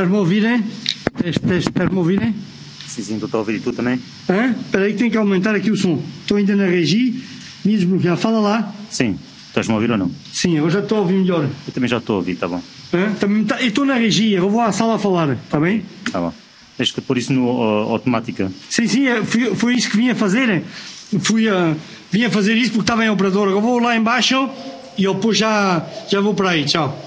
a termovine. Teste, Sim, sim, sim, estou a ouvir tudo, também. É? aí que tenho que aumentar aqui o som. Estou ainda na regi, me desbloquear. Fala lá. Sim. Estás a ouvir ou não? Sim, eu já estou a ouvir melhor. Eu também já estou a ouvir, está bom. É? Também tá... Eu estou na regia, eu vou à sala a falar, está bem? Está bom. Tens que pôr isso no uh, automática. Sim, sim, fui, foi isso que vim a fazer. Fui a, vim a fazer isso porque estava em operador. Eu vou lá embaixo e eu depois já, já vou para aí. Tchau.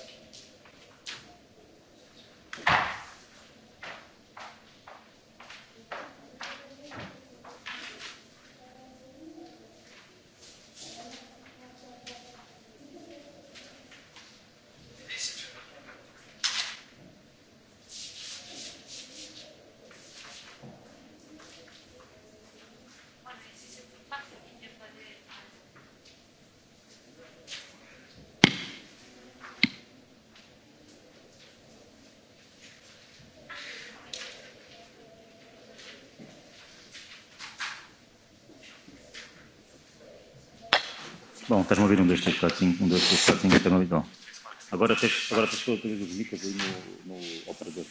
Estás a ouvir? Um, dois, três, quatro, cinco. Um, dois, três, quatro, cinco. Estás a Agora tens, agora tens que pôr os micas aí no, no operador.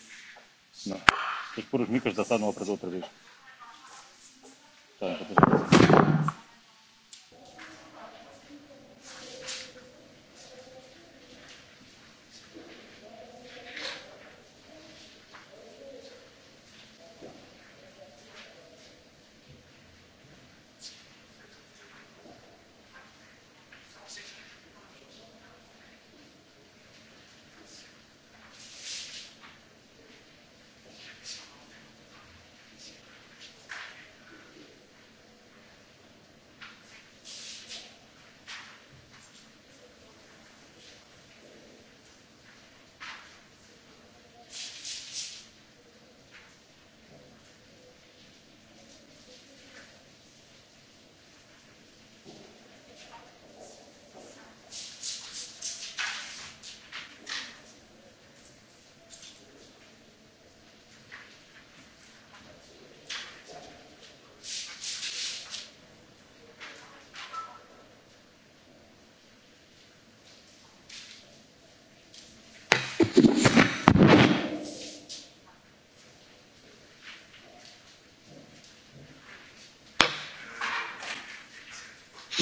Não. Tens que pôr os micas da no operador outra vez.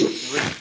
Rick